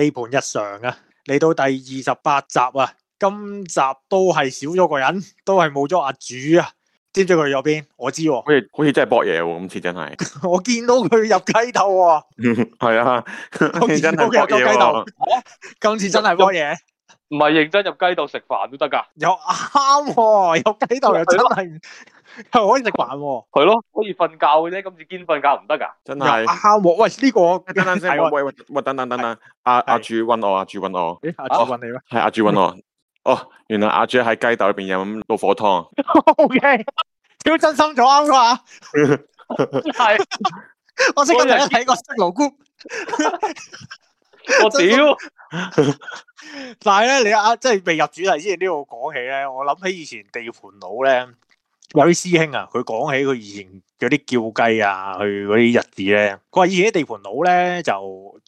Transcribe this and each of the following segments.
地盤日常啊，嚟到第二十八集啊，今集都係少咗個人，都係冇咗阿主啊，知唔知佢入邊？我知、啊，好似好似真係博嘢，今次真係、 啊 啊。我見到佢入雞竇啊，係 啊，今 次真係博嘢，今次真係博嘢，唔係認真入雞竇食飯都得噶，又啱喎，入雞竇又真係、 啊。可以食飯，係咯，可以瞓覺嘅啫。今次堅瞓覺唔得噶，真係阿、啊、喂呢、這個，等等喂喂等等等等，阿阿朱搵我，阿朱搵我，阿朱搵你咩？係阿朱搵我，哦、啊啊啊啊啊啊啊啊啊，原來阿朱喺雞竇入邊飲老火湯。O K，屌真心咗啱，嘛 真心！係，我最近睇個新老公，我屌，但係咧，你阿即係未入主題之前呢度講起咧，我諗起以前地盤佬咧。有啲師兄啊，佢講起佢以前有啲叫雞啊，佢嗰啲日子咧，佢話以前喺地盤佬咧就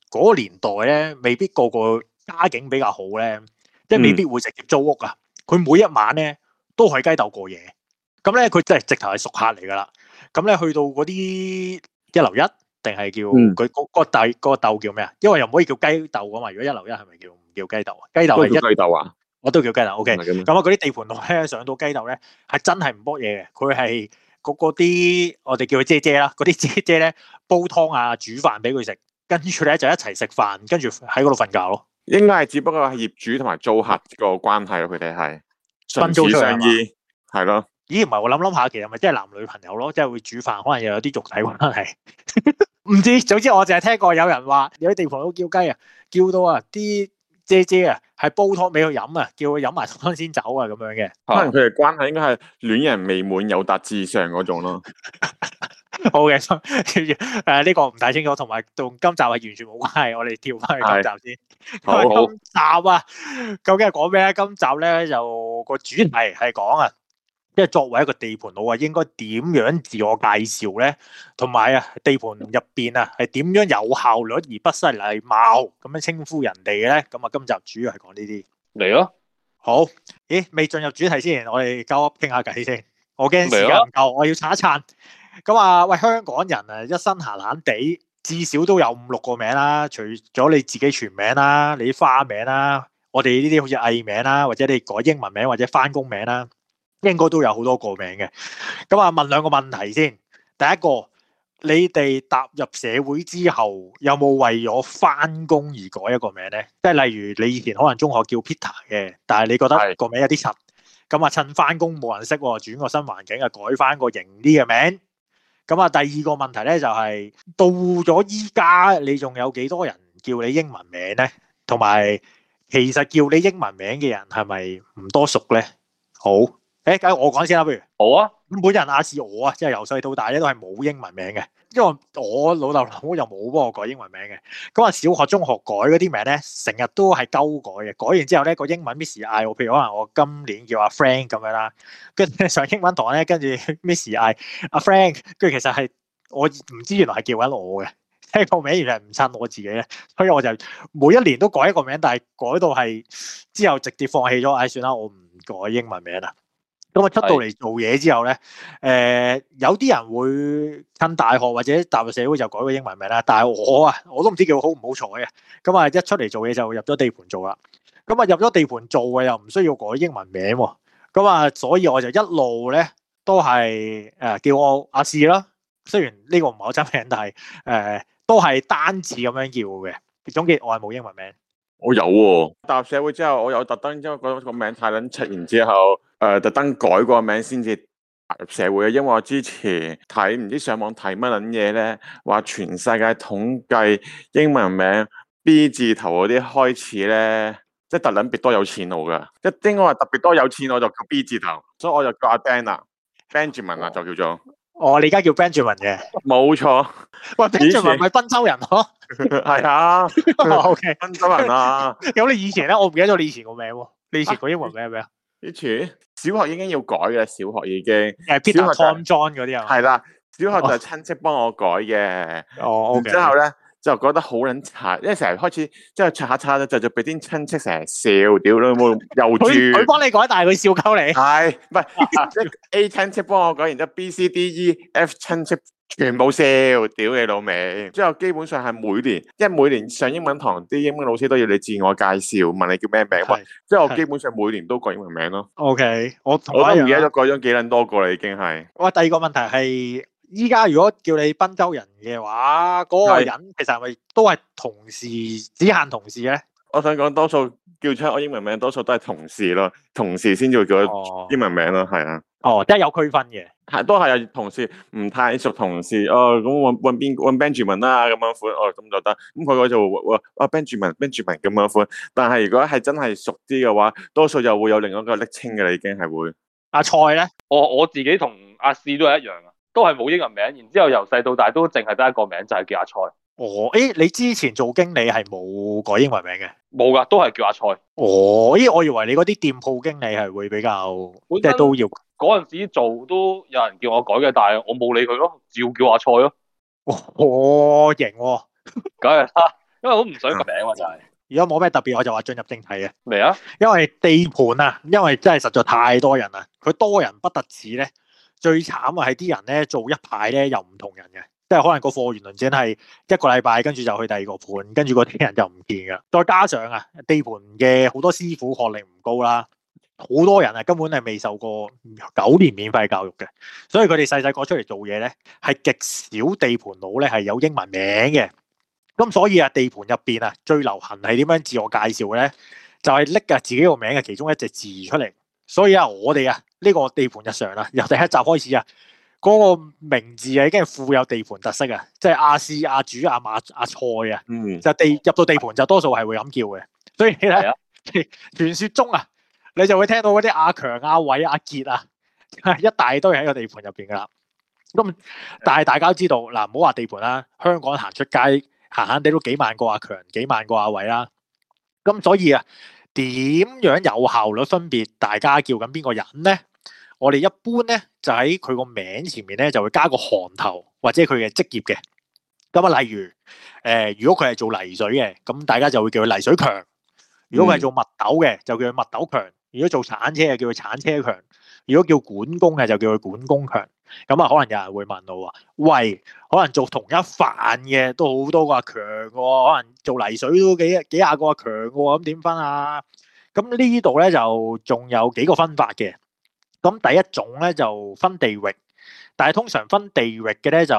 嗰個年代咧，未必個個家境比較好咧、嗯，即係未必會直接租屋啊。佢每一晚咧都喺雞竇過夜，咁咧佢真係直頭係熟客嚟噶啦。咁咧去到嗰啲一樓一，定係叫佢嗰、嗯嗰個竇嗰個竇叫咩啊？因為又唔可以叫雞竇啊嘛。如果一樓一係咪叫唔叫雞竇啊？雞竇係一竇啊？我都叫雞竇，OK。咁、嗯、啊，嗰啲地盤度咧，上到雞竇咧，係真係唔剝嘢嘅。佢係嗰啲，我哋叫佢姐姐啦。嗰啲姐姐咧，煲湯啊，煮飯俾佢食，跟住咧就一齊食飯，跟住喺嗰度瞓覺咯。應該係只不過係業主同埋租客個關係咯，佢哋係。分租出嚟啊！係咯、嗯。咦？唔係我諗諗下，其實咪即係男女朋友咯，即、就、係、是、會煮飯，可能又有啲肉體關係。唔 知，總之我淨係聽過有人話，有啲地盤都叫雞啊，叫到啊啲。姐姐啊，係煲湯俾佢飲啊，叫佢飲埋湯先走啊，咁樣嘅。可能佢哋關係應該係戀人未滿友達以上嗰種咯。 好嘅，誒呢、呃這個唔睇清楚，同埋同今集係完全冇關係，我哋跳翻去今集先是。好。今集啊，究竟係講咩？今集咧就個主題係講啊。即係作為一個地盤佬啊，應該點樣自我介紹咧？同埋啊，地盤入邊啊，係點樣有效率而不失禮貌咁樣稱呼人哋嘅咧？咁啊，今集主要係講呢啲嚟咯。好，咦？未進入主題先，我哋交傾下偈先聊聊。我驚時間唔夠，啊，我要查一撐。咁啊，喂，香港人啊，一身閒閒地，至少都有五六個名啦。除咗你自己全名啦，你啲花名啦，我哋呢啲好似藝名啦，或者你改英文名或者翻工名啦。應該都有好多個名嘅，咁啊問兩個問題先。第一個，你哋踏入社會之後，有冇為咗返工而改一個名咧？即係例如你以前可能中學叫 Peter 嘅，但係你覺得個名有啲柒，咁啊趁返工冇人識，轉個新環境啊改返個型啲嘅名。咁啊，第二個問題咧就係到咗依家，你仲有幾多人叫你英文名咧？同埋，其實叫你英文名嘅人係咪唔多熟咧？好。誒，梗我講先啦，譬如好啊，本人啊似我啊，即係由細到大咧都係冇英文名嘅，因為我老豆老母又冇幫我改英文名嘅，咁啊小學中學改嗰啲名咧，成日都係鳩改嘅，改完之後咧個英文 Miss I，譬如可能我今年叫阿 Frank 咁樣啦，跟住上英文堂咧，跟住 Miss I 阿、啊、Frank，跟住其實係我唔知原來係叫緊我嘅，呢、這個名原來唔襯我自己咧，所以我就每一年都改一個名，但係改到係之後直接放棄咗，唉、哎，算啦，我唔改英文名啦。咁啊，出到嚟做嘢之後咧，誒、呃，有啲人會跟大學或者踏入社會就改個英文名啦。但係我啊，我都唔知叫好唔好彩啊。咁啊，一出嚟做嘢就入咗地盤做啦。咁啊，入咗地盤做嘅又唔需要改英文名喎。咁啊，所以我就一路咧都係誒、呃、叫我阿志啦。雖然呢個唔係我真名，但係誒、呃、都係單字咁樣叫嘅。總結，我係冇英文名。我有喎、哦，踏入社會之後，我有特登，因為覺得個名太撚出，然之後。誒特登改個名先至入社會啊！因為我之前睇唔知上網睇乜撚嘢咧，話全世界統計英文名 B 字頭嗰啲開始咧，即係特撚別多有錢佬噶。應該話特別多有錢，我就叫 B 字頭，所以我就叫阿 Ben 啦，Benjamin 啦，就叫做。哦，哦你而家叫 Benjamin 嘅。冇錯。喂 ，Benjamin 咪賓州人呵？係啊。O K，賓州人啊。咁 是、啊 哦 okay. 啊、 你以前咧，我唔記得咗你以前個名喎。啊、你以前個英文名係咩啊？以前？小學已經要改嘅，小學已經，Peter、小學就 n、係、John 嗰啲啊，係啦，小學就係親戚幫我改嘅，哦、oh,，然之後咧。就覺得好撚差，因為成日開始即係拆下拆咧，就就俾啲親戚成日笑屌啦，冇又轉。佢佢幫你改大你，但係佢笑鳩你。係，唔係 A 親戚幫我改，然之後 B、C、D、E、F 親戚全部笑屌你老味。之 後基本上係每年，即係每年上英文堂啲英文老師都要你自我介紹，問你叫咩名。喂，即係我基本上每年都改英文名咯。OK，我同我都唔記得咗改咗幾撚多個啦，已經係。哇，第二個問題係。依家如果叫你 Benjamin 嘅話，嗰、那個人其實係咪都係同事，只限同事咧？我想講，多數叫出我英文名，多數都係同事咯，同事先至會叫做英文名咯，係、哦、啊。哦，即係有區分嘅，係都係同事，唔太熟同事哦，咁搵搵邊搵 Benjamin 啦、啊、咁樣款哦，咁就得。咁佢就話啊、哦、Benjamin Benjamin 咁樣款，但係如果係真係熟啲嘅話，多數就會有另一個昵稱嘅啦，已經係會。阿、啊、蔡咧，我我自己同阿士都係一樣啊。都係冇英文名，然之後由細到大都淨係得一個名，就係、是、叫阿蔡。哦，誒、欸，你之前做經理係冇改英文名嘅？冇噶，都係叫阿蔡。哦，依、欸、我以為你嗰啲店鋪經理係會比較，即係、就是、都要。嗰陣時做都有人叫我改嘅，但係我冇理佢咯，照叫阿蔡咯。哦，型、哦、喎，梗係啦，因為我唔想個名嘛、啊， 就係、是。如果冇咩特別，我就話進入正題啊。嚟啊，因為地盤啊，因為真係實在太多人啦，佢多人不得止咧。最慘啊，係啲人咧做一排咧又唔同人嘅，即係可能個貨圓輪整係一個禮拜，跟住就去第二個盤，跟住嗰啲人就唔見㗎。再加上啊，地盤嘅好多師傅學歷唔高啦，好多人啊根本係未受過九年免費教育嘅，所以佢哋細細個出嚟做嘢咧係極少地盤佬咧係有英文名嘅。咁所以啊，地盤入邊啊最流行係點樣自我介紹咧？就係拎啊自己個名嘅其中一隻字出嚟。所以啊，我哋啊～呢、這個地盤日常啦，由第一集開始啊，嗰、那個名字啊已經係富有地盤特色啊，即係阿師、阿主、阿馬、阿菜啊、嗯，就地入到地盤就多數係會咁叫嘅。所以你睇，傳説中啊，你就會聽到嗰啲阿強、阿偉、阿傑啊，一大堆喺個地盤入邊噶啦。咁但係大家都知道嗱，唔好話地盤啦，香港行出街行行地都幾萬個阿強、幾萬個阿偉啦。咁所以啊，點樣有效率分別大家叫緊邊個人咧？我哋一般咧就喺佢個名前面咧就會加個行頭或者佢嘅職業嘅。咁啊，例如誒、呃，如果佢係做泥水嘅，咁大家就會叫佢泥水強；如果佢係做墨斗嘅，就叫佢墨斗強；如果做鏟車嘅，就叫佢鏟車強；如果叫管工嘅，就叫佢管工強。咁啊，可能有人會問我話：喂，可能做同一範嘅都好多個阿強㗎喎，可能做泥水都幾幾廿個阿強㗎喎，咁點分啊？咁呢度咧就仲有幾個分法嘅。咁第一種咧就分地域，但係通常分地域嘅咧就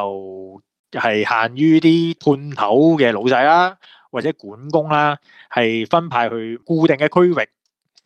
係、是、限於啲判頭嘅老細啦，或者管工啦，係分派去固定嘅區域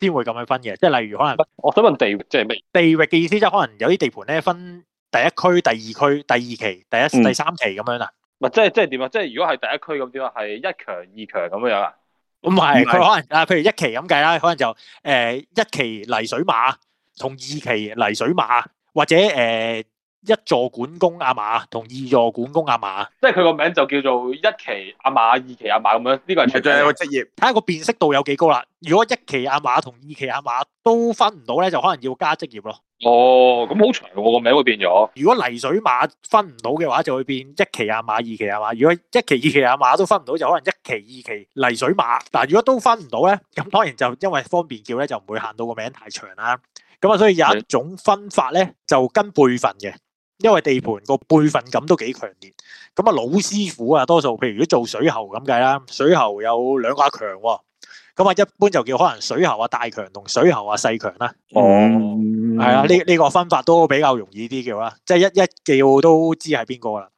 先會咁樣分嘅。即係例如可能，我想問地域即係咩？地域嘅意思即係可能有啲地盤咧分第一區、第二區、第二期、第一、第三期咁樣啊？係、嗯，即係即係點啊？即係如果係第一區咁點啊？係一強二強咁樣啊？唔係，佢可能啊，譬如一期咁計啦，可能就誒、呃、一期泥水馬。同二期泥水馬或者誒、呃、一座管工阿馬，同二座管工阿馬，即係佢個名就叫做一期阿馬、二期阿馬咁樣。呢、呢個係最最個職業，睇下個辨識度有幾高啦。如果一期阿馬同二期阿馬都分唔到咧，就可能要加職業咯。哦，咁好長個個名會變咗。如果泥水馬分唔到嘅話，就會變一期阿馬、二期阿馬。如果一期二期阿馬都分唔到，就可能一期二期泥水馬。但如果都分唔到咧，咁當然就因為方便叫咧，就唔會限到個名太長啦。咁、嗯、啊，所以有一種分法咧，就跟輩份嘅，因為地盤個輩份感都幾強烈。咁啊，老師傅啊，多數譬如如果做水喉咁計啦，水喉有兩個阿強，咁啊，一般就叫可能水喉啊大強同水喉啊細強啦。哦、嗯，係啊，呢、這、呢個分法都比較容易啲叫啦，即係一一叫都知係邊個啦。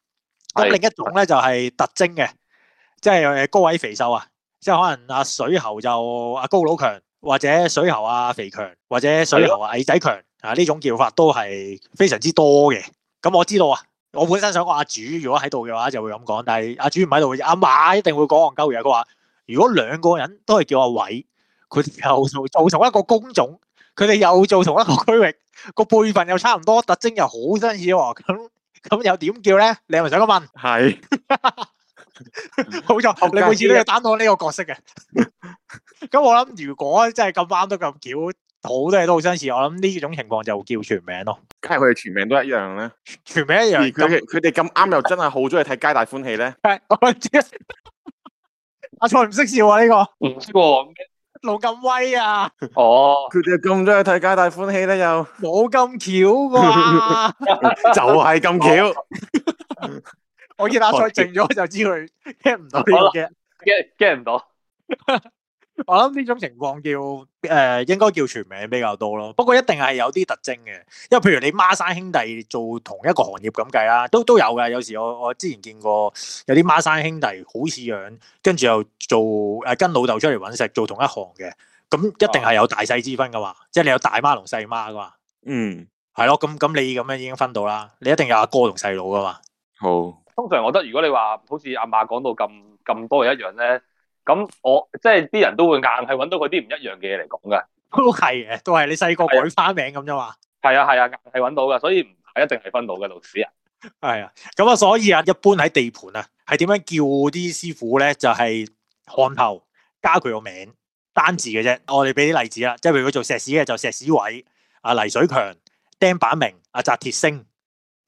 咁另一種咧就係、是、特徵嘅，即係高矮肥瘦啊，即係可能阿水喉就阿高佬強。或者水喉啊肥強，或者水喉啊矮仔強，啊呢種叫法都係非常之多嘅。咁我知道啊，我本身想講阿主如果喺度嘅話就會咁講，但係阿主唔喺度，阿媽一定會講戇鳩嘢。佢話如果兩個人都係叫阿偉，佢又做做同一個工種，佢哋又做同一個區域，個輩份又差唔多，特徵又好相似，咁咁又點叫咧？你係咪想咁問？係。好彩，你每次都要擔當呢個角色嘅。咁我諗，如果真係咁啱都咁巧，好多嘢都好相似。我諗呢種情況就叫全名咯。梗係佢哋全名都一樣咧，全名一樣。佢佢哋咁啱又真係好中意睇《皆大歡喜》咧。我唔知阿蔡唔識笑啊呢個。唔識喎，老咁威啊！哦，佢哋咁中意睇《皆大歡喜》咧，又冇咁巧啊！就係咁巧。我見阿賽靜咗就知佢 get 唔到嘢 get 唔到。好 我諗呢種情況叫誒、呃，應該叫全名比較多咯。不過一定係有啲特徵嘅，因為譬如你孖生兄弟做同一個行業咁計啦，都都有㗎。有時我我之前見過有啲孖生兄弟好似樣，跟住又做誒跟老豆出嚟揾食做同一行嘅，咁一定係有大細之分㗎嘛、啊。即係你有大孖同細孖㗎嘛。嗯，係咯。咁咁你咁樣已經分到啦。你一定有阿哥同細佬㗎嘛。好。通常我覺得，如果你話好似阿馬講到咁咁多嘢一樣咧，咁我即係啲人都會硬係揾到佢啲唔一樣嘅嘢嚟講噶，都係嘅、啊，都係你細個改花名咁啫嘛。係啊係啊，啊，硬係揾到噶，所以唔係一定係分到嘅老死啊。係啊，咁啊，所以啊，一般喺地盤啊，係點樣叫啲師傅咧？就係、是、銜頭加佢個名字單字嘅啫。我哋俾啲例子啦，即係譬如佢做石屎嘅就石屎偉，阿泥水強，釘板明，阿紮鐵星。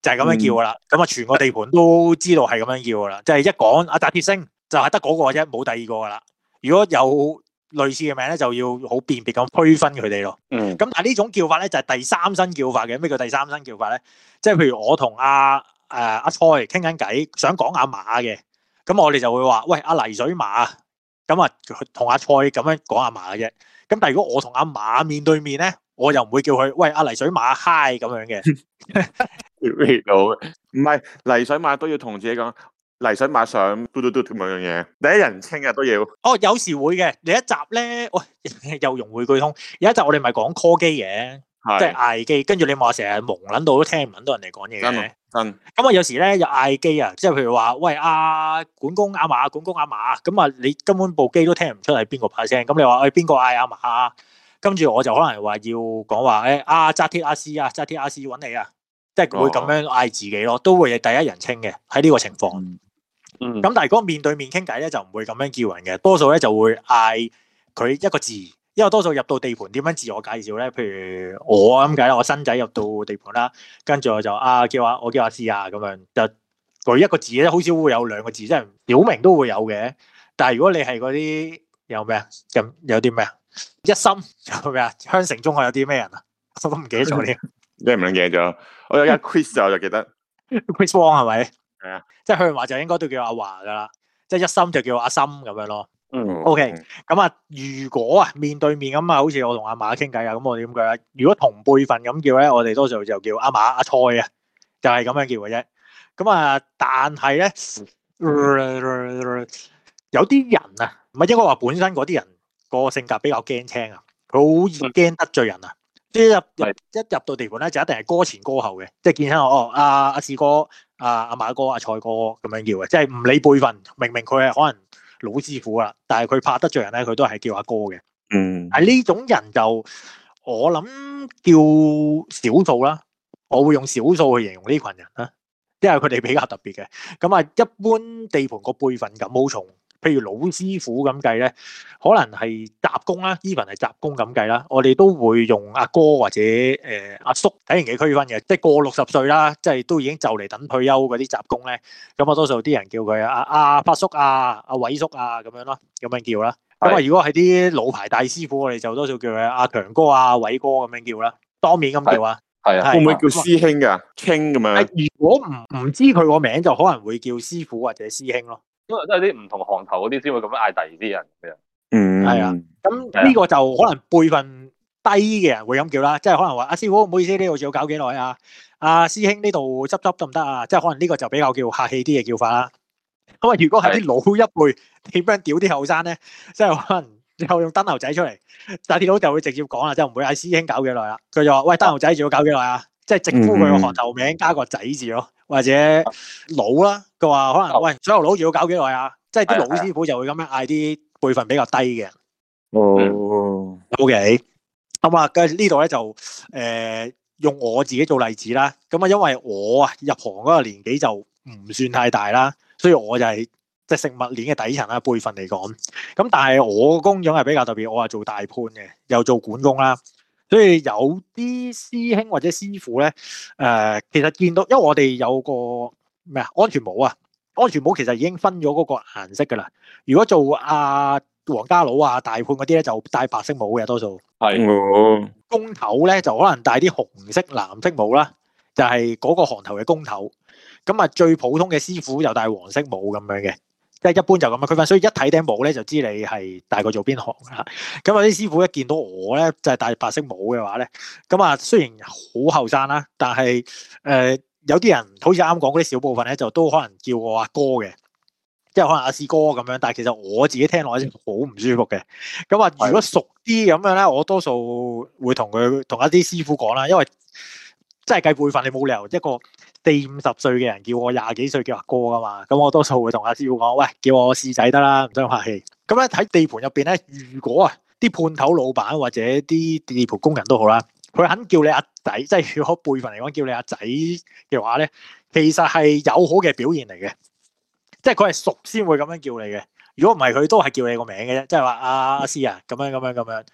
就係、是、咁樣叫噶啦，咁、嗯、啊全個地盤都知道係咁樣叫噶啦。即、就、係、是、一講阿達鐵星，就係得嗰個啫，冇第二個噶啦。如果有類似嘅名咧，就要好辨別咁區分佢哋咯。嗯。咁但係呢種叫法咧就係第三身叫法嘅。咩叫第三身叫法咧？即係譬如我同阿誒阿蔡傾緊偈，想講阿馬嘅，咁我哋就會話喂阿、啊、泥水馬，咁啊同阿、啊啊、蔡咁樣講阿馬嘅啫。咁但係如果我同阿、啊、馬面對面咧，我又唔會叫佢喂阿、啊、泥水馬嗨！Hi, 的」i 咁樣嘅。接唔係泥水馬，都要同自己講泥水馬上嘟嘟嘟脫冇樣嘢第一人稱啊，都要哦有時會嘅你一集咧喂、哦、又融會貫通，有一集我哋咪講 call 機嘅，即係嗌機，跟住你話成日蒙捻到都聽唔到人哋講嘢真，咁啊，有時咧又嗌機啊，即係譬如話喂阿管工阿、啊、嫲，管工阿嫲咁啊，啊，啊你根本部機都聽唔出係邊個派聲，咁你話喂，邊個嗌阿嫲啊跟、啊、住我就可能話要講話誒阿紮鐵阿師啊，紮鐵阿師揾你啊。即係會咁樣嗌自己咯，都會係第一人稱嘅喺呢個情況。咁、嗯嗯、但係如果面對面傾偈咧，就唔會咁樣叫人嘅，多數咧就會嗌佢一個字，因為多數入到地盤點樣自我介紹咧？譬如我咁解啦，我新仔入到地盤啦，跟住我就啊叫啊我叫阿詩啊咁樣，就舉一個字啫，好少會有兩個字，即係表明都會有嘅。但係如果你係嗰啲有咩咁有啲咩啊，一心有咩啊？香城中學有啲咩人啊？我都唔記得咗添。即係唔諗嘢咗，我有一 Chris 我就記得 Chris Wong 係咪？係啊，即係許文華就應該都叫阿華噶啦，即係一心就叫阿心咁樣咯。嗯，OK，咁啊，如果啊面對面咁啊，好似我同阿馬傾偈啊，咁我哋點講？如果同輩份咁叫咧，我哋多數就叫阿馬阿菜啊，就係、是、咁樣叫嘅啫。咁啊，但係咧，有啲人啊，唔係應該話本身嗰啲人個性格比較驚青啊，佢好易驚得罪人啊。嗯啲入一入到地盤咧，就一定係哥前哥後嘅，即係見到哦，阿阿志哥、阿阿馬哥、阿蔡哥咁樣叫嘅，即係唔理輩分，明明佢係可能老師傅啦，但係佢拍得罪人咧，佢都係叫阿哥嘅。嗯，係呢種人就我諗叫少數啦，我會用少數去形容呢羣人啊，因為佢哋比較特別嘅。咁啊，一般地盤個輩分感好重。譬如老師傅咁計咧，可能係雜工啦，even 係雜工咁計啦，我哋都會用阿哥、哥或者誒阿、呃、叔睇年紀區分嘅，即係過六十歲啦，即係都已經就嚟等退休嗰啲雜工咧，咁我多數啲人叫佢阿、阿發叔啊、阿、啊啊、偉叔啊咁樣咯，咁樣叫啦。咁啊，如果係啲老牌大師傅，我哋就多數叫佢阿、啊、強哥、啊、阿、啊、偉哥咁樣叫啦，當面咁叫啊。係啊，會唔會叫師兄噶？傾、嗯、咁樣。如果唔唔知佢個名，就可能會叫師傅或者師兄咯。都係啲唔同行頭嗰啲先會咁樣嗌第二啲人嘅，嗯，係、嗯、啊，咁、這、呢個就可能輩份低嘅人會咁叫啦，即係可能話阿、啊、師傅，唔好意思，呢度仲要搞幾耐啊，阿、啊、師兄呢度執執得唔得啊？即係可能呢個就比較叫客氣啲嘅叫法啦。咁啊，如果係啲老一輩點樣屌啲後生咧？即係可能又用單頭仔出嚟，但啲佬就會直接講啦，就唔會嗌、啊、師兄搞幾耐啦。佢就話：喂，單頭仔仲要搞幾耐啊？即係直呼佢個學頭名加個仔字咯、嗯，或者老啦，佢話可能喂，想我老要搞幾耐啊？即係啲老師傅就會咁樣嗌啲輩份比較低嘅。哦，O K，咁啊，跟住呢度咧就誒、呃、用我自己做例子啦。咁啊，因為我啊入行嗰個年紀就唔算太大啦，所以我就係即係食物鏈嘅底層啦，輩份嚟講。咁但係我個工種係比較特別，我係做大判嘅，又做管工啦。所以有啲師兄或者師傅咧，誒、呃，其實見到，因為我哋有個咩啊，安全帽啊，安全帽其實已經分咗嗰個顏色噶啦。如果做阿、啊、黃家佬啊、大判嗰啲咧，就戴白色帽嘅多數。係，公頭咧就可能戴啲紅色、藍色帽啦，就係、是、嗰個行頭嘅公頭。咁啊，最普通嘅師傅就戴黃色帽咁樣嘅。即係一般就咁樣區分，所以一睇頂帽咧就知你係大個做邊行啦。咁啊啲師傅一見到我咧就係、是、戴白色帽嘅話咧，咁啊雖然好後生啦，但係誒、呃、有啲人好似啱講嗰啲小部分咧，就都可能叫我阿哥嘅，即係可能阿師哥咁樣。但係其實我自己聽落好似好唔舒服嘅。咁啊，如果熟啲咁樣咧，我多數會同佢同一啲師傅講啦，因為真係計輩份，你冇理由一個，四五十歲嘅人叫我廿幾歲叫阿哥噶嘛，咁我多數會同阿師傅講，喂，叫我師仔得啦，唔使咁客氣。咁咧喺地盤入邊咧，如果啊，啲判頭老闆或者啲地盤工人都好啦，佢肯叫你阿仔，即係如果輩份嚟講叫你阿仔嘅話咧，其實係友好嘅表現嚟嘅，即係佢係熟先會咁樣叫你嘅。如果唔係，佢都係叫你個名嘅啫，即係話阿師啊，咁樣咁樣咁樣。這樣這樣。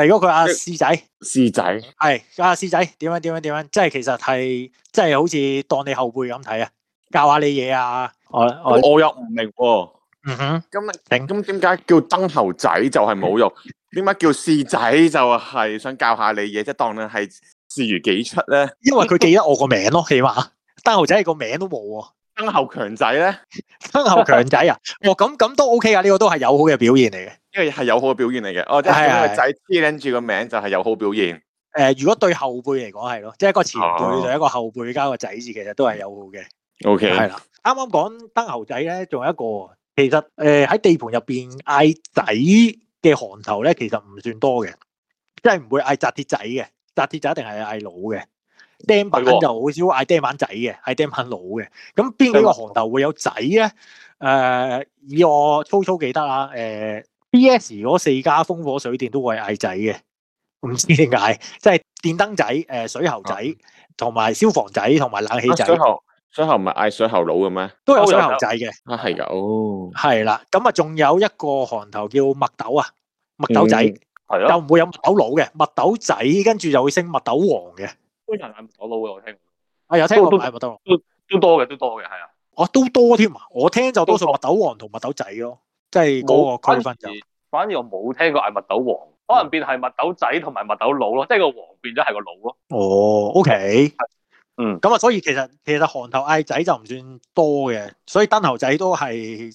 第如果佢阿師仔，師仔係阿師仔，點樣點樣點樣？即係其實係，即係好似當你後輩咁睇啊，教下你嘢啊。我我我又唔明喎、哦。嗯哼，咁咁點解叫燈猴仔就係侮辱？點 解叫師仔就係想教下你嘢？即當佢係視如己出咧。因為佢記得我個名咯，起碼燈猴仔個名都冇。燈後強仔咧，燈 後強仔啊，哦，咁咁都 O K 啊，呢、這個都係友好嘅表現嚟嘅，呢、這個係友好嘅表現嚟嘅，哦，即係個仔黐住個名就係友好表現。誒，如果對後輩嚟講係咯，即係一個前輩就一個後輩加個仔字，其實都係友好嘅。O K，係啦，啱啱講燈後仔咧，仲有一個，其實誒喺地盤入邊嗌仔嘅行頭咧，其實唔算多嘅，即係唔會嗌紮鐵仔嘅，紮鐵仔一定係嗌佬嘅。釘板就好少嗌釘板仔嘅，嗌釘板佬嘅。咁邊幾個行頭會有仔咧？誒、呃，以我粗粗記得啊，誒、呃、，B.S. 嗰四家風火水電都會嗌仔嘅，唔知點解，即、就、係、是、電燈仔、誒水喉仔同埋、啊、消防仔同埋冷氣仔、啊。水喉水喉唔係嗌水喉佬嘅咩？都有水喉仔嘅啊，係噶，係啦。咁啊，仲有一個行頭叫麥豆啊，麥豆仔，又、嗯、唔會有麥豆佬嘅，麥豆仔跟住就會升麥豆王嘅。啲人係麥豆佬嘅，我聽過。啊，有聽過麥豆佬咯，都多嘅，都多嘅，係啊。我都多添，我聽就多數麥豆王同麥豆仔咯，即係嗰個區分反而，反而我冇聽過嗌麥豆王，嗯，可能變係麥豆仔同埋麥豆佬咯，即係個王變咗係個佬咯。哦，OK，嗯，咁啊，所以其實其實巷頭嗌仔就唔算多嘅，所以燈頭仔都係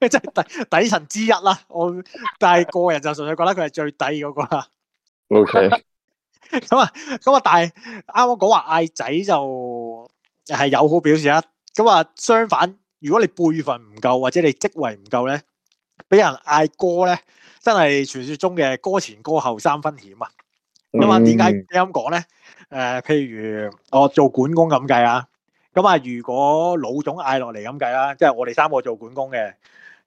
即係底 底層之一啦。我但係個人就純粹覺得佢係最低嗰、嗰個啦。OK。咁啊，咁啊，但係啱啱講話嗌仔就係友好表示啊。咁啊，相反，如果你輩份唔夠或者你職位唔夠咧，俾人嗌哥咧，真係傳說中嘅，哥前哥後三分險啊。咁啊，點解咁講咧？誒，譬如我做管工咁計啊，咁啊，如果老總嗌落嚟，咁計啦，即係我哋三個做管工嘅，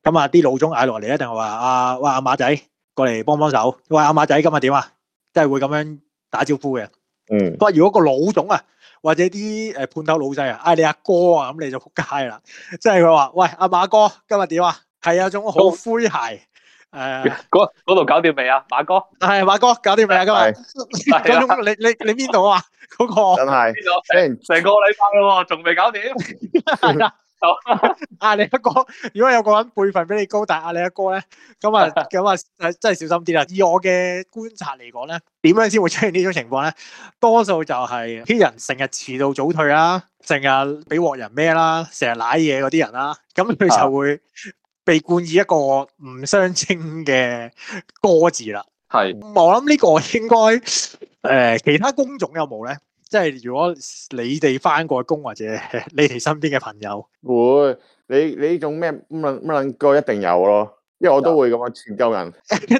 咁啊，啲老總嗌落嚟一定話啊，喂，阿馬仔過嚟幫幫手，喂，阿馬仔今日點啊？即係會咁樣。打招呼嘅，嗯，不過如果個老總啊，或者啲誒判頭老細啊，嗌你阿哥啊，咁你就撲街啦，即係佢話喂，阿馬哥今日點啊？係啊，種好灰鞋。」係嗰度搞掂未啊，馬哥？係、呃、馬哥，係馬哥搞掂未啊？今日你你你邊度啊？嗰、 嗰個真係成成個禮拜咯，仲未搞掂。 阿 你一哥，如果有個人輩分比你高，但係阿你一哥咧，咁啊，咁啊，真係小心啲啦。以我嘅觀察嚟講咧，點樣先會出現呢種情況咧？多數就係、是、啲人成日遲到早退啦，成日俾鑊人孭啦，成日賴嘢嗰啲人啦，咁佢就會被冠以一個唔相稱嘅哥字啦。係、啊，我諗呢個應該誒、呃，其他工種有冇咧？即係如果你哋翻過工，或者你哋身邊嘅朋友，會你你呢種咩乜乜楞哥一定有咯，因為我都會咁樣，傳教人。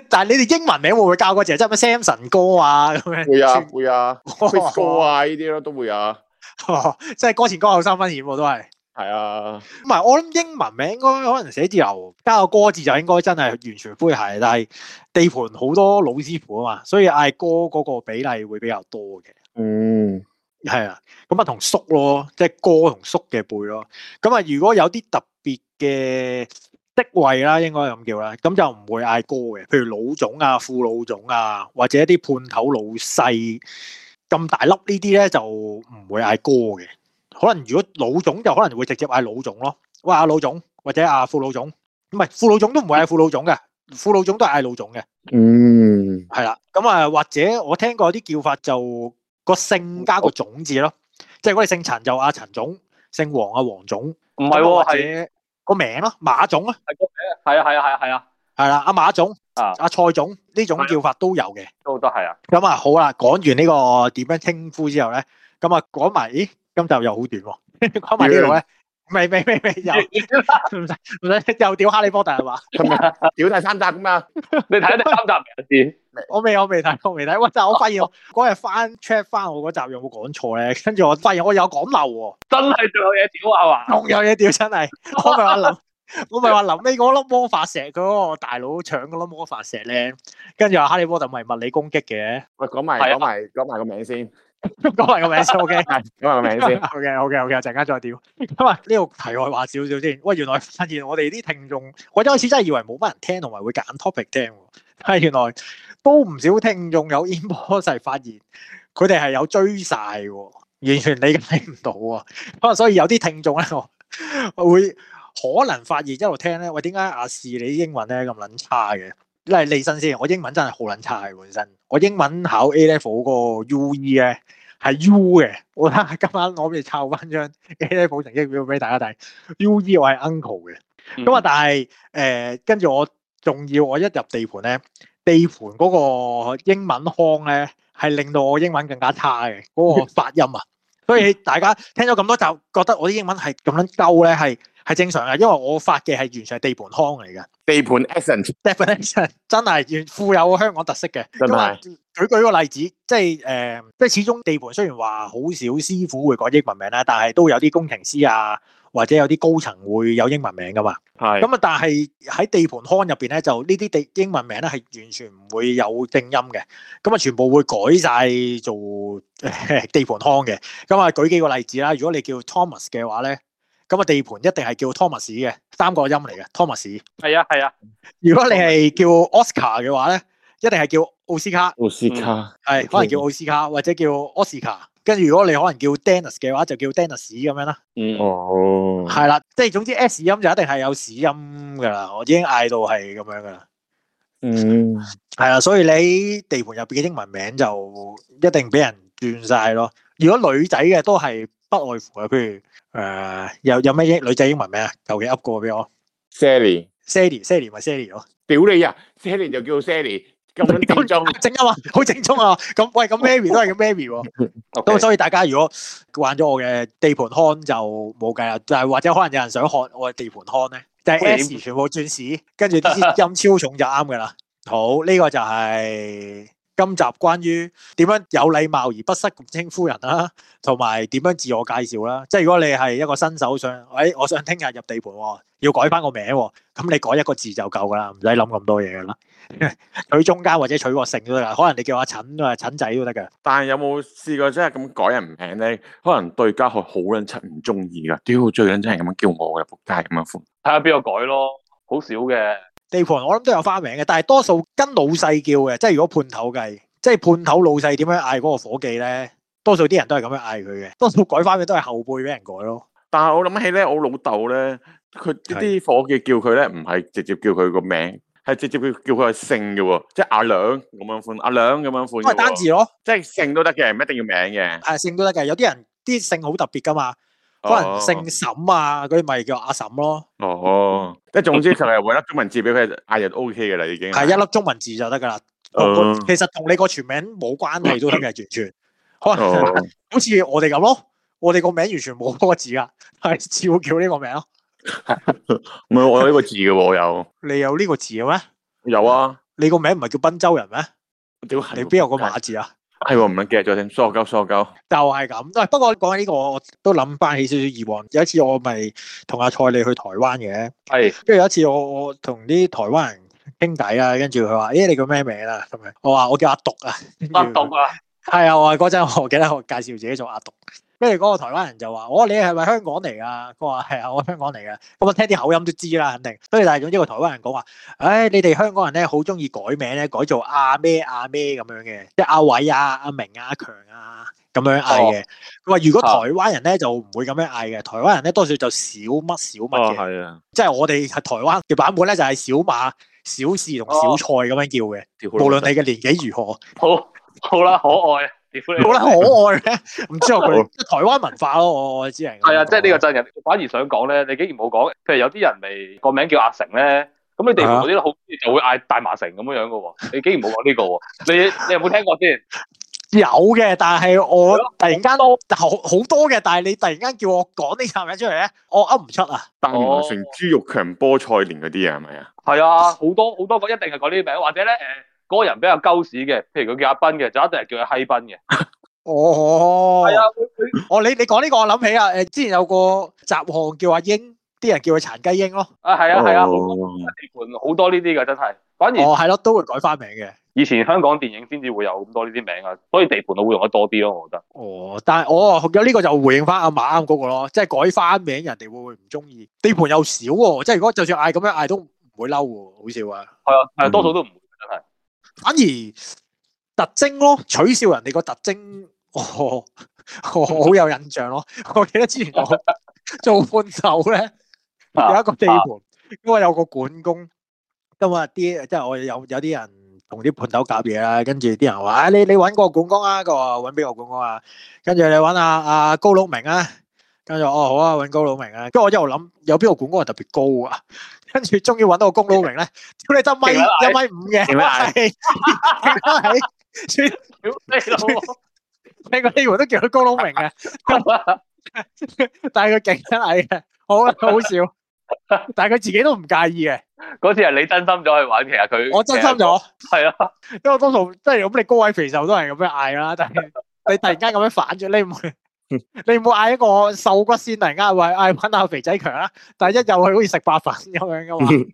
但係你哋英文名會唔會教嗰隻，即係咩 Samson 哥啊咁樣？會啊會啊，哥啊呢啲咯都會啊。即 係、啊、 歌前歌後三分險都係。係啊。唔係我諗英文名應該可能寫字樓加個歌字就應該真係完全灰係，但係地盤好多老師傅啊嘛，所以嗌歌嗰個比例會比較多嘅。嗯，係啊，咁啊同叔咯，即係哥同叔嘅輩咯。咁啊，如果有啲特別嘅職位啦，應該咁叫啦，咁就唔會嗌哥嘅。譬如老總啊、副老總啊，或者一啲判頭老細咁大粒呢啲咧，就唔會嗌哥嘅。可能如果老總就可能會直接嗌老總咯，喂阿老總或者阿副老總，唔係副老總都唔會嗌副老總嘅，副老總都係嗌老總嘅。嗯，係啦，咁啊或者我聽過有啲叫法就。個姓加個總字咯，即係如果你姓陳就阿陳總，姓黃阿黃總，唔係，係個名咯，馬總，啊，馬總啊，係個名啊，係啊係啊係啊係啊，係啦，阿馬總啊阿蔡總呢種叫法都有嘅，都都係啊，咁啊好啦，講完呢、這個點樣稱呼之後咧，咁啊講埋，咦、欸，今集又好短喎，講、嗯、埋呢度咧。未未未未有，唔使唔使又屌 哈利波特係嘛？屌第三集咁啦， 你睇第三集唔知？我未我未睇，我未睇。喂，但我發現我嗰日翻 check 翻我嗰集有冇講錯咧？跟住我發現我有講漏喎，真係仲有嘢屌係嘛？仲有嘢屌真係。我咪話林， 我咪話林尾嗰粒魔法石嗰、嗰個大佬搶嗰粒魔法石咧，跟住話哈利波特唔係物理攻擊嘅。喂，講埋講埋講埋個名先。.講 埋、okay？ okay, okay, okay, 個名先，OK。係講埋個名先。好嘅，好嘅，好嘅，陣間再調。咁啊，呢度題外話少少先。喂，原來發現我哋啲聽眾，我一開始真係以為冇乜人聽同埋會揀 topic 聽，但係原來都唔少聽眾有 input，就係發現佢哋係有追晒，完全理理唔到啊。可能所以有啲聽眾咧，我會可能發現一路聽咧，喂，點解阿仕你啲英文咧咁撚差嘅？真係利申先，我英文真係好撚差嘅本身。我英文考 A level 嗰個 U E 咧係 U 嘅，我睇下今晚我俾你抄翻張 A level 成績表俾大家睇。U E 我係 uncle 嘅，咁、嗯、啊但係誒、呃、跟住我仲要我一入地盤咧，地盤嗰個英文腔咧係令到我英文更加差嘅嗰、那個發音啊！所以大家聽咗咁多集，覺得我啲英文係咁撚鳩咧，係係正常嘅，因為我發嘅係完全係地盤腔嚟嘅。地盤 essence，地盤 essence 真係富有香港特色嘅。咁啊，舉舉個例子，即係誒，即、呃、係始終地盤雖然話好少師傅會改英文名啦，但係都有啲工程師啊。或者有啲高層會有英文名噶嘛，係咁啊！但係喺地盤腔入邊咧，就呢啲地英文名咧係完全唔會有正音嘅，咁啊全部會改晒做誒地盤腔嘅。咁啊，舉幾個例子啦。如果你叫 Thomas 嘅話咧，咁啊地盤一定係叫 Thomas 嘅，三個音嚟嘅 Thomas。係啊係啊。如果你係叫 Oscar 嘅話咧，一定係叫奧斯卡。奧斯卡係，可能叫奧斯卡或者叫 Oscar。跟住如果你可能叫 Dennis 嘅話，就叫 Dennis 屎咁樣啦。嗯，哦，係啦，即係總之 S 音就一定係有屎音㗎啦，我已經嗌到係咁樣㗎啦。嗯，係啦，所以你地盤入邊嘅英文名就一定俾人轉曬咯。如果女仔嘅都係不外乎嘅，譬如誒，有有咩英女仔英文名啊？求其噏過俾我。Sally，Sally，Sally 咪 Sally 咯。屌你啊！Sally 就叫 Sally。咁音正啊嘛，好正宗啊！咁、啊、喂，咁 Mary 都係叫 Mary 喎。咁、okay. 哦、所以大家如果玩咗我嘅地盤腔就冇計啦，就係或者可能有人想學我嘅地盤腔咧，就係 S 全部轉史，跟住啲音超重就啱噶啦。好，呢、呢個就係、是。今集關於點樣有禮貌而不失咁稱呼人啦，同埋點樣自我介紹啦。即係如果你係一個新手想，喂、哎，我想聽日入地盤喎，要改返個名喎，咁你改一個字就夠噶啦，唔使諗咁多嘢噶啦。取中間或者取個姓都得，可能你叫阿陳啊，陳仔都得噶。但係有冇試過真係咁改人名咧？可能對家學好撚出唔中意噶。屌，最撚真係咁樣叫我嘅仆街咁樣款。睇下邊個改咯？好少嘅。地盤我諗都有花名嘅，但係多數跟老細叫嘅，即係如果判頭計，即係判頭老細點樣嗌嗰個伙計咧，多數啲人都係咁樣嗌佢嘅。多數改翻嘅，都係後輩俾人改咯。但係我諗起咧，我老豆咧，佢啲伙計叫佢咧，唔係直接叫佢個名，係直接叫叫佢個姓嘅喎，即係阿梁咁樣款，阿梁咁樣款。因為單字咯，即係姓都得嘅，唔一定要名嘅。係姓都得嘅，有啲人啲姓好特別噶嘛。可能姓沈啊，嗰啲咪叫阿沈咯。哦，即係總之就係為粒中文字俾佢嗌就 O K 嘅啦，已經係一粒中文字就得噶啦。其實同你個全名冇關係、啊、都係完全，可、啊、能好似、啊、 我哋咁咯。我哋個，個名完全冇嗰個字噶，係照叫呢個名咯。唔係我有呢個字嘅，我有你有呢個字嘅咩？有啊。你個名唔係叫賓州人咩？屌，你邊有個馬字啊？係喎、啊，唔係繼續咗先，疏鳩疏鳩。塑膠塑膠就係咁，不過講起呢個，我都諗翻起少少以往。有一次我咪同阿蔡莉去台灣嘅，係。跟住有一次我我同啲台灣人傾偈啊，跟住佢話：，咦、哎，你叫咩名啊？咁樣，我話我叫阿毒啊。阿毒啊？ 係啊，我係嗰陣我記得我介紹自己做阿毒。跟住嗰個台灣人就話：，我、哦、你係咪香港嚟噶？佢話係啊，我係香港嚟嘅。咁啊，聽啲口音都知啦，肯定。跟住但係總之個台灣人講話，唉、哎，你哋香港人咧好中意改名咧，改做阿咩阿咩咁樣嘅，即係阿偉啊、阿明、啊、阿強啊咁樣嗌嘅。佢、哦、話如果台灣人咧就唔會咁樣嗌嘅，台灣人咧多數就小乜小乜嘅。係、哦、啊。即係我哋係台灣嘅版本咧，就係小馬、小志同小菜咁樣叫嘅、哦。無論你嘅年紀如何，好好啦，可愛。 好覺可愛嘅，唔 知係佢，係台灣文化咯，我 我知嚟。係啊，即係呢個真人，反而想講咧，你竟然冇講，譬如有啲人未，個名叫阿成咧，咁你地盤嗰啲咧好，就會嗌大麻成咁樣樣噶喎，你竟然冇講呢個喎， 你你有冇聽過先？有嘅，但係我突然間都，好好多嘅，但係你突然間叫我講呢啲名出嚟咧，我噏唔出、哦、係啊！大麻成、豬肉強、菠菜蓮嗰啲啊，係咪啊？係啊，好多好多個一定係講呢啲名，或者咧誒。呃嗰個人比較鳩屎嘅，譬如佢叫阿斌嘅，就一定係叫佢閪斌嘅。哦，係 啊，哦，你你講呢個，我諗起啊，誒，之前有個雜項叫阿英，啲人叫佢殘雞英咯。啊，係啊，係啊，哦、地盤好多呢啲嘅真係。反而哦，係咯、啊，都會改翻名嘅。以前香港電影先至會有咁多呢啲名啊，所以地盤都會用得多啲咯，我覺得。哦，但係我有呢個就回應翻阿馬啱嗰個咯，即係改翻名，人哋會唔會唔中意？地盤又少喎，即係如果就算嗌咁樣嗌都唔會嬲喎，好笑啊。係啊，誒，多數都唔會。反而特徵咯，取笑人哋個特徵，我我好有印象咯。我記得之前做做判手咧，有一個地盤，因為有個管工，今日啲即係我有有啲人同啲判頭夾嘢啦，跟住啲人話：唉，你你揾個管工啊，佢話揾邊個管工啊，跟住你揾阿阿高老明啊。跟住哦，好啊，揾高佬明啊！跟住我一路諗，有邊個管工係特別高啊？跟住終於揾到個高佬明咧，屌你得一米一米五嘅。係，係，所以屌你老母，你個你都叫佢高佬明啊？咁啊，但係佢勁得嚟嘅。好啊，好笑，但係佢自己都唔介意嘅。嗰次係你真心咗去玩，其實佢我真心咗，係啊，因為我多數即係咁，你高位肥瘦都係咁樣嗌啦，但係你突然間咁樣反咗，你唔會。你唔好嗌一個瘦骨仙嚟呃喂，嗌問下肥仔強，但係一入去好似食白粉咁樣嘅嘛，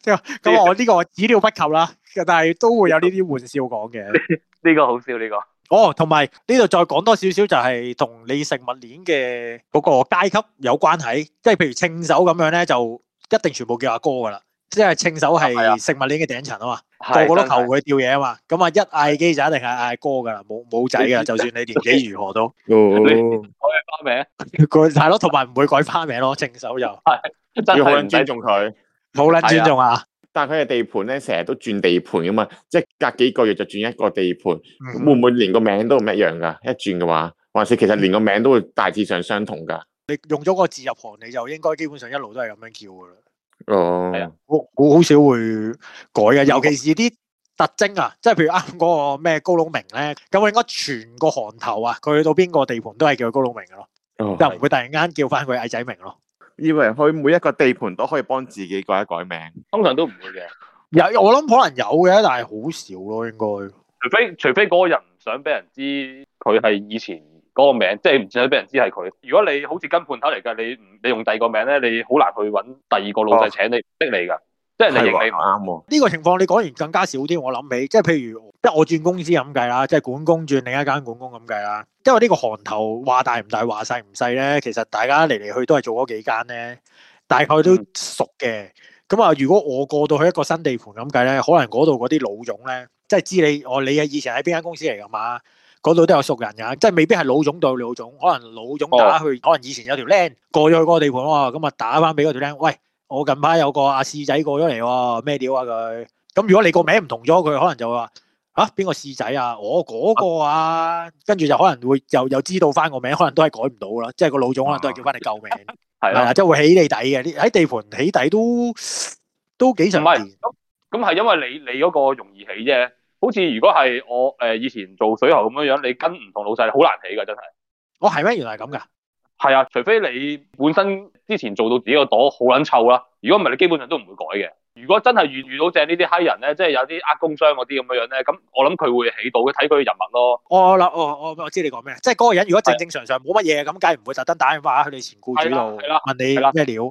即係咁我呢個我始料不及啦，但係都會有呢啲玩笑講嘅，呢 個好笑呢、這個。哦，同埋呢度再講多少少就係同你食物鏈嘅嗰個階級有關係，即、就、係、是、譬如稱手咁樣咧，就一定全部叫阿哥噶啦。即係稱手係食物鏈嘅頂層啊嘛，個個都求佢吊嘢啊嘛，咁啊一嗌機就一定係嗌哥噶啦，冇冇仔噶，就算你年紀如何都。你改花名？佢係咯，同埋唔會改花名咯，稱手又。係真係要有人尊重佢，好卵尊重啊！但係佢嘅地盤咧，成日都轉地盤噶嘛，即係隔幾個月就轉一個地盤，會唔會連個名都唔一樣噶？一轉嘅話，還是其實連個名都會大致上相同噶？你用咗個字入行，你就應該基本上一路都係咁樣叫噶啦。哦、啊，我我好少會改嘅，尤其是啲特徵啊，即係譬如啱嗰個咩高佬明咧，咁我應該全個行頭啊，佢去到邊個地盤都係叫佢高佬明嘅咯，哦、就唔會突然間叫翻佢矮仔明咯。以為佢每一個地盤都可以幫自己改一改名，通常都唔會嘅。有我諗可能有嘅，但係好少咯，應該。除非除非個人唔想俾人知佢係以前。嗰、那個名即係唔想俾人知係佢。如果你好似跟判頭嚟㗎，你你用第二個名咧，你好難去揾第二個老細請你、啊、逼你㗎，即係你盈利唔啱喎。呢、啊這個情況你講完更加少啲。我諗起即係譬如即係我轉公司咁計啦，即係管工轉另一間管工咁計啦。因為呢個行頭話大唔大話細唔細咧，其實大家嚟嚟去都係做嗰幾間咧，大概都熟嘅。咁、嗯、啊，如果我過到去一個新地盤咁計咧，可能嗰度嗰啲老總咧，即係知你我你啊以前喺邊間公司嚟㗎嘛？嗰度都有熟人㗎，即係未必係老總對老總，可能老總打去，可能以前有條僆過咗去嗰個地盤喎，咁啊打翻俾嗰條僆，喂，我近排有個阿四仔過咗嚟喎，咩料啊佢？咁如果你個名唔同咗，佢可能就話，嚇邊個四仔啊？我嗰個啊，跟住就可能會又又知道翻個名，可能都係改唔到啦，即係個老總可能都係叫翻你救命，係啦，即係會起你底嘅。啲喺地盤起底都都幾十年。唔係咁咁係因為你你嗰個容易起啫。好似如果係我誒以前做水喉咁樣樣，你跟唔同老細好難起㗎，真係。哦，係咩？原來係咁㗎。係啊，除非你本身之前做到自己個朵好撚臭啦，如果唔係，你基本上都唔會改嘅。如果真係遇遇到正呢啲閪人咧，即係有啲呃工傷嗰啲咁樣樣咧，咁我諗佢會起到嘅，睇佢嘅人物咯。哦，諗、哦哦哦，我我我知你講咩，即係嗰個人如果正正常常冇乜嘢咁，梗係唔會特登打電話去你前雇主度問你咩料？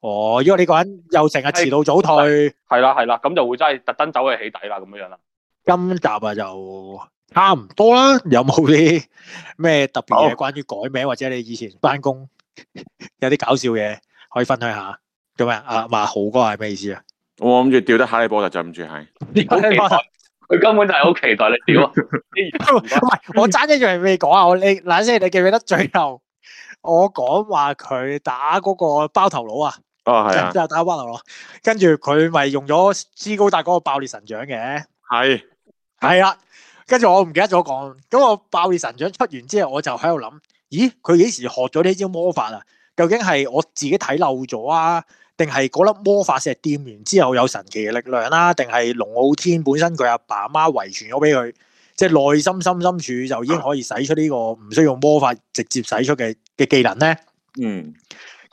哦，如果你個人又成日遲到早退。係啦係啦，咁就會真係特登走去起底啦咁樣樣啦。今集啊，就差唔多啦。有冇啲咩特別嘅關於改名，或者你以前翻工有啲搞笑嘢可以分享下？叫咩啊？話、啊、豪、啊、哥係咩意思啊？我諗住屌得哈利波特就唔住係，好 期待佢根本就係好期待你屌啊！唔 係， 我爭一樣未講啊！我你嗱，先你記唔記得最後我講話佢打嗰個包頭佬啊？哦，係啊，之後打包頭佬，跟住佢咪用咗支高達嗰個爆裂神掌嘅，係。係啦，跟住我唔記得咗講，咁我爆裂神掌出完之後，我就喺度諗，咦，佢幾時學咗呢招魔法啊？究竟係我自己睇漏咗啊？定係嗰粒魔法石掂完之後有神奇嘅力量啦？定係龍傲天本身佢阿爸阿媽遺傳咗俾佢，即係內心深深處就已經可以使出呢個唔需要用魔法直接使出嘅嘅技能咧？嗯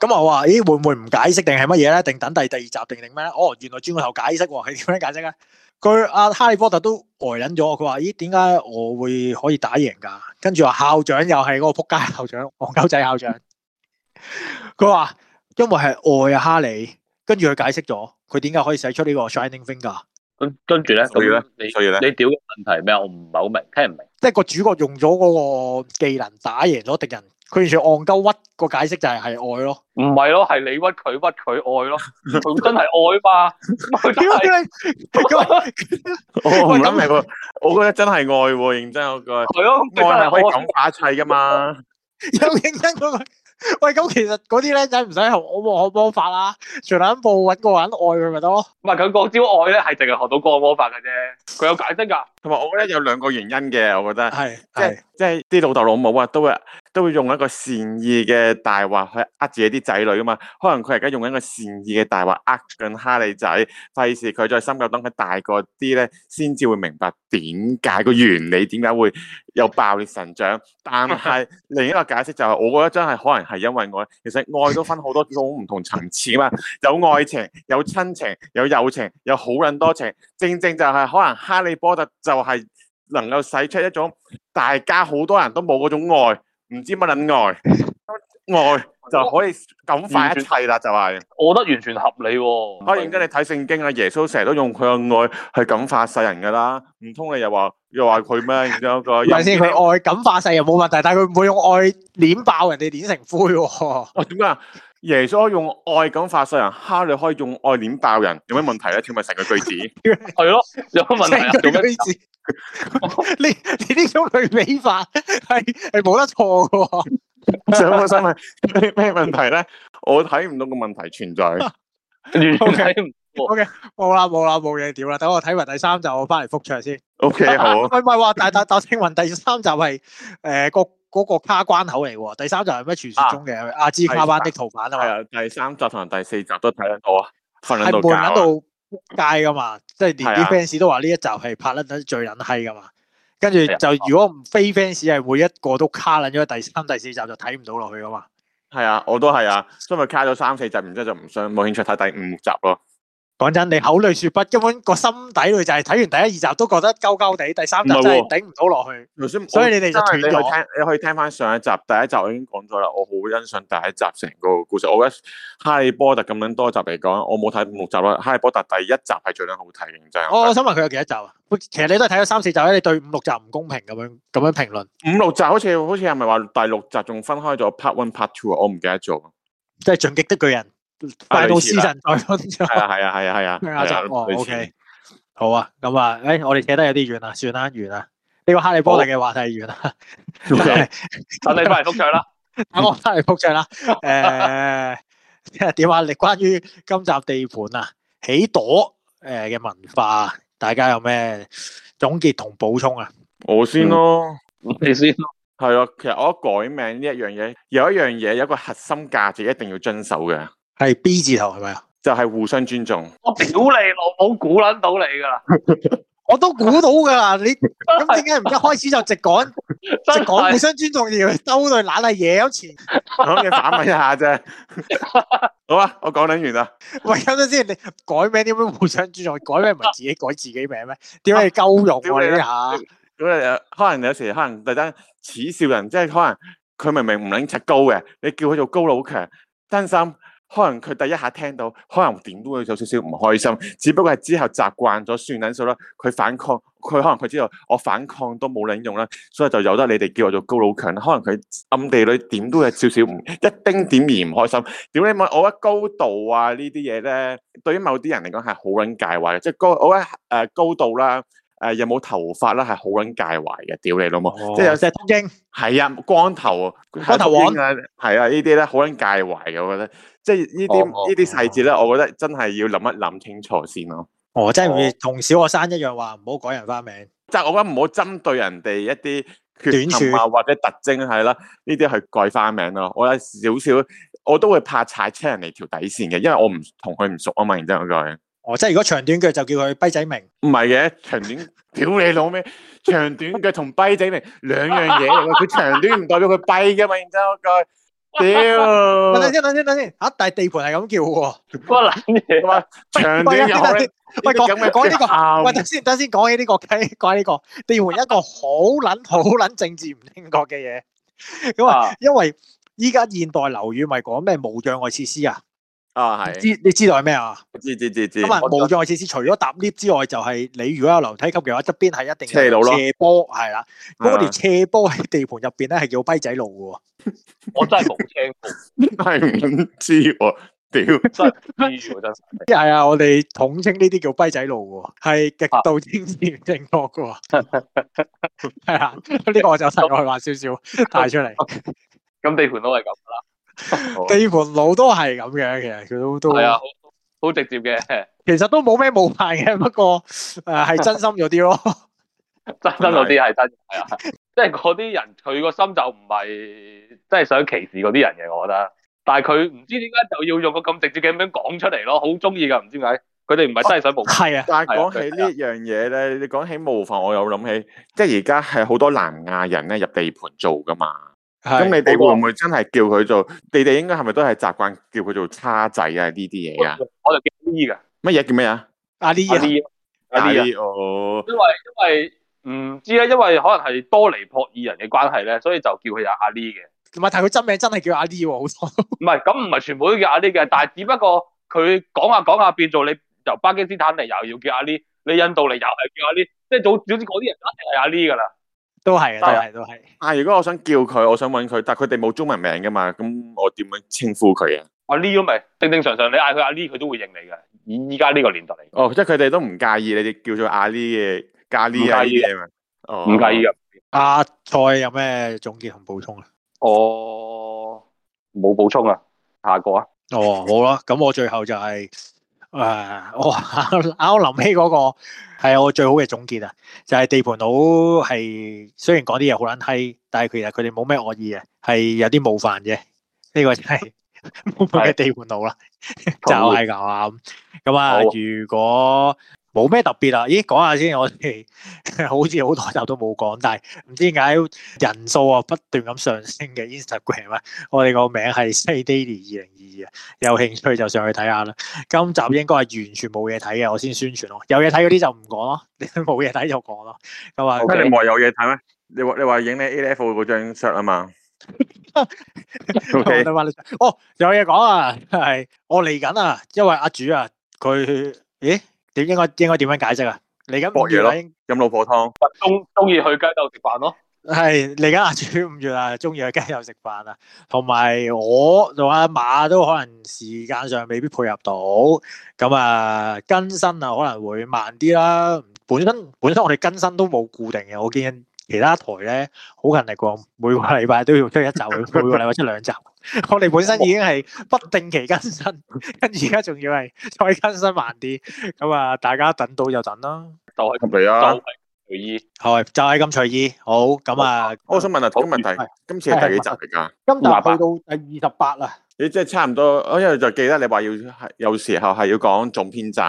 我說，咁我話咦，會唔會唔解釋定係乜嘢咧？定等第第二集定定咩咧？哦，原來轉個頭解釋，係點樣解釋咧？佢阿哈利波特都呆捻咗，佢話，咦，點解我會可以打贏噶跟住話校長又係嗰個扑街校長，黃狗仔校長。 佢話因為係愛啊哈利，跟住佢解釋咗佢點解可以使出呢個 shining finger。跟跟住咧，佢咧你佢咧你屌嘅問題咩？我唔係好明，聽唔明。即係個主角用咗嗰個技能打贏咗敵人。佢完全戇鳩屈，個解釋就係係愛咯，唔係咯，係你屈佢屈佢愛咯，佢真係愛嘛？你、就是 哦！我諗係 我覺得真係愛喎，認真我個嗰個係。係咯，愛係可以感化一切噶嘛。有 認真嗰、那個喂，咁其實嗰啲靚仔唔使學我我魔法啦，除諗部搵個人愛佢咪得咯。唔係佢講招愛咧，係淨係學到個魔法嘅啫。佢有解釋噶，同埋我咧有兩個原因嘅，我覺得係即係即係啲老豆老母啊，都會都會用一個善意嘅大話去呃自己啲仔女啊嘛。可能佢而家用緊個善意嘅大話呃緊哈利仔，費事佢再深究等佢大個啲咧，先至會明白點解個原理點解會有爆裂神掌。但係另一個解釋就係、是，我覺得真係可能。係因為愛，其實愛都分好多種唔同層次嘛。有愛情，有親情，有友情，有好人多情。正正就係可能《哈利波特》就係能夠使出一種大家好多人都冇嗰種愛，唔知乜撚愛。愛就可以感化一切啦，就係、是，我覺得完全合理。忽然間你睇聖經啊，看看經耶穌成日都用佢嘅愛去感化世人嘅啦，唔通你又話又話佢咩？係咪先？佢愛感化世人冇問題，但係佢唔會用愛碾爆人哋碾成灰。哦，點解啊？啊耶穌用愛感化世人，哈你可以用愛碾爆人，有咩問題咧？請問成個句子係咯， 有咩問題啊？句句子用 你你呢種類比法係係冇得錯噶。上 個新聞咩問題咧？我睇唔到個問題存在， okay, okay, 完全睇唔到 O K，冇啦冇啦，冇嘢，點啦，等我睇埋第三集我翻嚟復出先。Okay，好。唔係唔係話，但但但，青雲第三集係誒、呃嗰個、嗰個卡關口嚟喎。第三集係咩傳說中嘅阿茲卡班的逃犯啊？係啊，第三集同第四集都睇得到啊，瞓喺度街噶嘛， 即係連啲 fans 都話呢一集係拍得最撚閪噶嘛。跟住就，如果唔非 fans 係，每一個都卡撚咗第三、第四集就睇唔到落去㗎嘛。係啊，我都係啊，所以咪卡咗三四集，然之後就唔想冇興趣睇第五集咯。講真，你口裏說不，根本個心底裏就係睇完第一、二集都覺得鳩鳩地，第三集真係頂唔到落去。所以你哋就停咗。你可以聽翻上一集，第一集我已經講咗啦。我好欣賞第一集成個故事。我覺得《哈利波特》咁樣多集嚟講，我冇睇五六集啦。《哈利波特》第一集係最撚好睇，認真。我想問佢有幾多集啊？其實你都係睇咗三四集啦。你對五六集唔公平咁樣咁樣評論。五六集好似好似係咪話第六集仲分開咗 part one、part two 啊？我唔記得咗。即係《進擊的巨人》。快到私神再婚咗！係啊係啊係啊係啊！阿澤，O K，好啊，咁啊，誒、欸，我哋扯得有啲遠啦，算啦，完啦，呢、這個哈利波特嘅話題完啦。O K，咁你翻嚟復唱啦，咁、嗯、我翻嚟復唱啦。誒、 欸，點啊？你關於今集地盤啊，起朵誒嘅文化，大家有咩總結同補充啊？我先咯，嗯、你先咯，係啊，其實我改名呢一樣嘢，有一樣嘢有一個核心價值一定要遵守嘅。係 B 字頭係咪啊？就係、是、互相尊重。我屌你老母，估捻到你噶啦！我都估到噶啦。你咁點解唔一開始就直講？ 直講互相尊重，而兜到去攋下嘢，有錢講嘢反問一下啫。 好啊，我講捻完啦。喂，等陣先，你改名點樣互相尊重？改名唔係自己改自己名咩？點解鳩肉我呢下？咁、啊、可能有時可能特登，恥笑人，即係可能佢明明唔捻尺高嘅，你叫佢做高佬強，真心。可能佢第一下聽到，可能點都會有少少唔開心，只不過係之後習慣咗算撚數啦。佢反抗，佢可能佢知道我反抗都冇卵用啦，所以就由得你哋叫我做高老強啦。可能佢暗地裏點都有少少唔一丁點而唔開心。點解問我一高度啊？呢啲嘢咧，對於某啲人嚟講係好撚介懷嘅，即係高我一誒、呃、高度啦、啊。誒、呃、有冇頭髮啦？係好撚介懷嘅，屌你老母！即係有隻鬢，係啊，光頭，光頭王啊，係啊，這些呢啲咧好撚介懷嘅，我覺得，即係呢啲呢啲細節咧、哦，我覺得真係要諗一諗清楚先咯、哦。哦，真係同小學生一樣話唔好改人花名，即係我覺得唔好針對人哋一啲短處啊或者特徵係啦，呢啲係改花名咯。我有少少我都會怕踩親人哋條底線嘅，因為我唔同佢唔熟啊嘛，然之後嗰句。哦，即係如果長短腳就叫佢跛仔明，唔係嘅，長短，屌你老咩？長短腳同跛仔明兩樣嘢嚟嘅，佢長短唔代表佢跛嘅嘛，然之後佢，屌，等先等先等先，啊，但係地盤係咁叫喎，個撚嘢，長短腳喂，有冇講呢個？喂，等先等先，講起呢、這個，講呢、這個起、這個、地盤一個好撚好撚政治唔正確嘅嘢，咁啊，因為依家現代樓宇咪講咩無障礙設施啊？啊係，知你知道係咩啊？知知知、嗯、知。咁啊，無障礙設施除咗搭 lift 之外，就係、是、你如果有樓梯級嘅話，側邊係一定斜坡、斜路咯。斜坡係啦，嗰條斜坡喺地盤入邊咧係叫跛仔路嘅。我真係冇聽過，係 唔知喎，屌真係唔知，真係。 啊，我哋統稱呢啲叫跛仔路，係極度政治正確嘅。係啊，呢個我就題外話少少，帶出嚟。咁 地盤都係咁啦。地盤佬都係咁嘅，其實佢都都係啊，好直接嘅，其實都冇咩冒犯嘅，不過誒係 真心咗啲咯， 真心咗啲係真係啊，的的的 即係嗰啲人佢個心就唔係真係想歧視嗰啲人嘅，我覺得，但係佢唔知點解就要用個咁直接嘅咁樣講出嚟咯，好中意噶，唔知點解，佢哋唔係真係想冒犯係啊，但係講起呢樣嘢咧，你講起冒犯，哦、我又諗起，即係而家係好多南亞人咧入地盤做噶嘛。咁你哋會唔會真係叫佢做？那個，你哋應該係咪都係習慣叫佢做叉仔啊？呢啲嘢啊，我就叫阿 Lee 噶乜嘢叫咩啊？阿 Lee，阿 Lee 哦。因為因為唔知咧，因為可能係多尼泊爾人嘅關係咧，所以就叫佢阿阿 Lee 嘅。同埋，但佢真名真係叫阿 Lee 喎，好多。唔係，咁唔係全部都叫阿 Lee 嘅，但係只不過佢講下講下變做你由巴基斯坦嚟，又要叫阿 Lee，你印度嚟又係叫阿 Lee，即係早總之嗰啲人一定係阿 Lee 噶啦。都係，都係，都係。啊，如果我想叫佢，我想揾佢，但係佢哋冇中文名噶嘛，咁我點樣稱呼佢啊？阿 Li 都咪正正常常，你嗌佢阿 Li，佢都會認你噶。依依家呢個年代嚟。哦，即係佢哋都唔介意你哋叫做阿 Li 嘅加 Li 啊，啊，唔介意的啊，唔介意啊。阿蔡有咩總結同補充啊？我、哦、冇補充啊，下個啊。哦，好啦，咁我最後就係、是。誒，我啱我諗起嗰個係我最好嘅總結啊，就係地盤佬係雖然講啲嘢好撚閪，但係其實佢哋冇咩惡意嘅，係有啲冒犯啫。呢個真係冇乜地盤佬啦， 就係咁咁啊，如果。冇咩特別啊？咦，講下先，我哋好似好多集都冇講，但係唔知點解人數啊不斷咁上升嘅 Instagram 啊，我哋個名係 Say Daddy 二零二二啊，有興趣就上去睇下啦。今集應該係完全冇嘢睇嘅，我先宣傳咯。有嘢睇嗰啲就唔講咯，你冇嘢睇就講咯。咁啊，你話有嘢睇咩？你話，你話影咩？A F 嗰張 shot 啊嘛？哦，有嘢講啊，係我嚟緊啊，因為阿主啊，佢咦？點應該應該點樣解釋啊？嚟緊五月啊，飲老火湯。中中意去街度食飯咯。係嚟緊啊，煮五月啊，中意去街度食飯啊。同埋我同阿馬都可能時間上未必配合到。咁啊，更新啊可能會慢啲啦。本身本身我哋更新都冇固定嘅，我見。其他台咧好勤力過，每個禮拜都要出一集，每個禮拜出兩集。 我哋本身已經係不定期更新，跟住而家仲要係再更新慢啲。咁、嗯、啊，大家等到就等啦、哦，就係咁嚟啦，隨意。係就係咁隨意。好，咁、嗯、啊，我想問下問題，今日係今次係第幾集嚟噶？二十八。到第二十八啊！你即係差唔多，因為就記得你話要係，有時候係要講總篇集。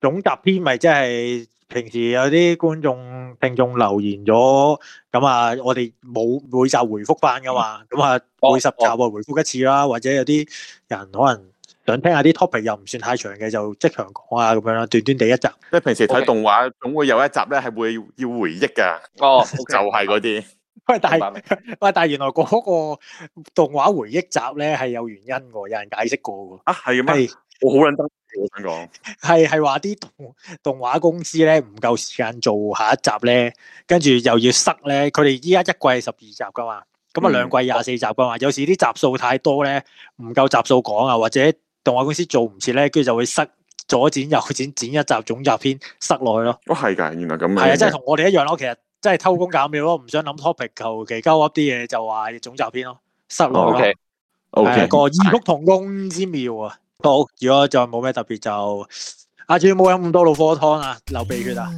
總集篇咪即係？平時有啲觀眾聽眾留言咗，咁啊，我哋冇每集回覆翻噶嘛，咁啊每十集啊回覆一次啦、哦哦，或者有啲人可能想聽下啲 topic 又唔算太長嘅，就即場講下咁樣啦，短短哋一集。即係平時睇動畫、okay. 總會有一集咧係會要回憶噶，哦、oh, okay.， 就係嗰啲。喂，但係喂，但係原來嗰個動畫回憶集咧係有原因噶，有人解釋過噶。啊，係咩？我好捻得。我想講係係話啲動動畫公司咧唔夠時間做下一集咧，跟住又要塞咧。佢哋依家一季係十二集噶嘛，咁啊兩季廿四集噶嘛。有時啲集數太多咧，唔夠集數講啊，或者動畫公司做唔切咧，跟住就會塞，左剪右剪剪一集總集篇塞落去咯。哦，係噶，原來咁啊，係啊，即係同我哋一樣咯。其實即係偷工減料咯，唔想諗 topic，求其鳩噏啲嘢就話總集篇咯，塞落去。O K O K，個異曲同工之妙啊！如果再冇咩特別就，下次唔好飲咁多老火湯啊，流鼻血啊！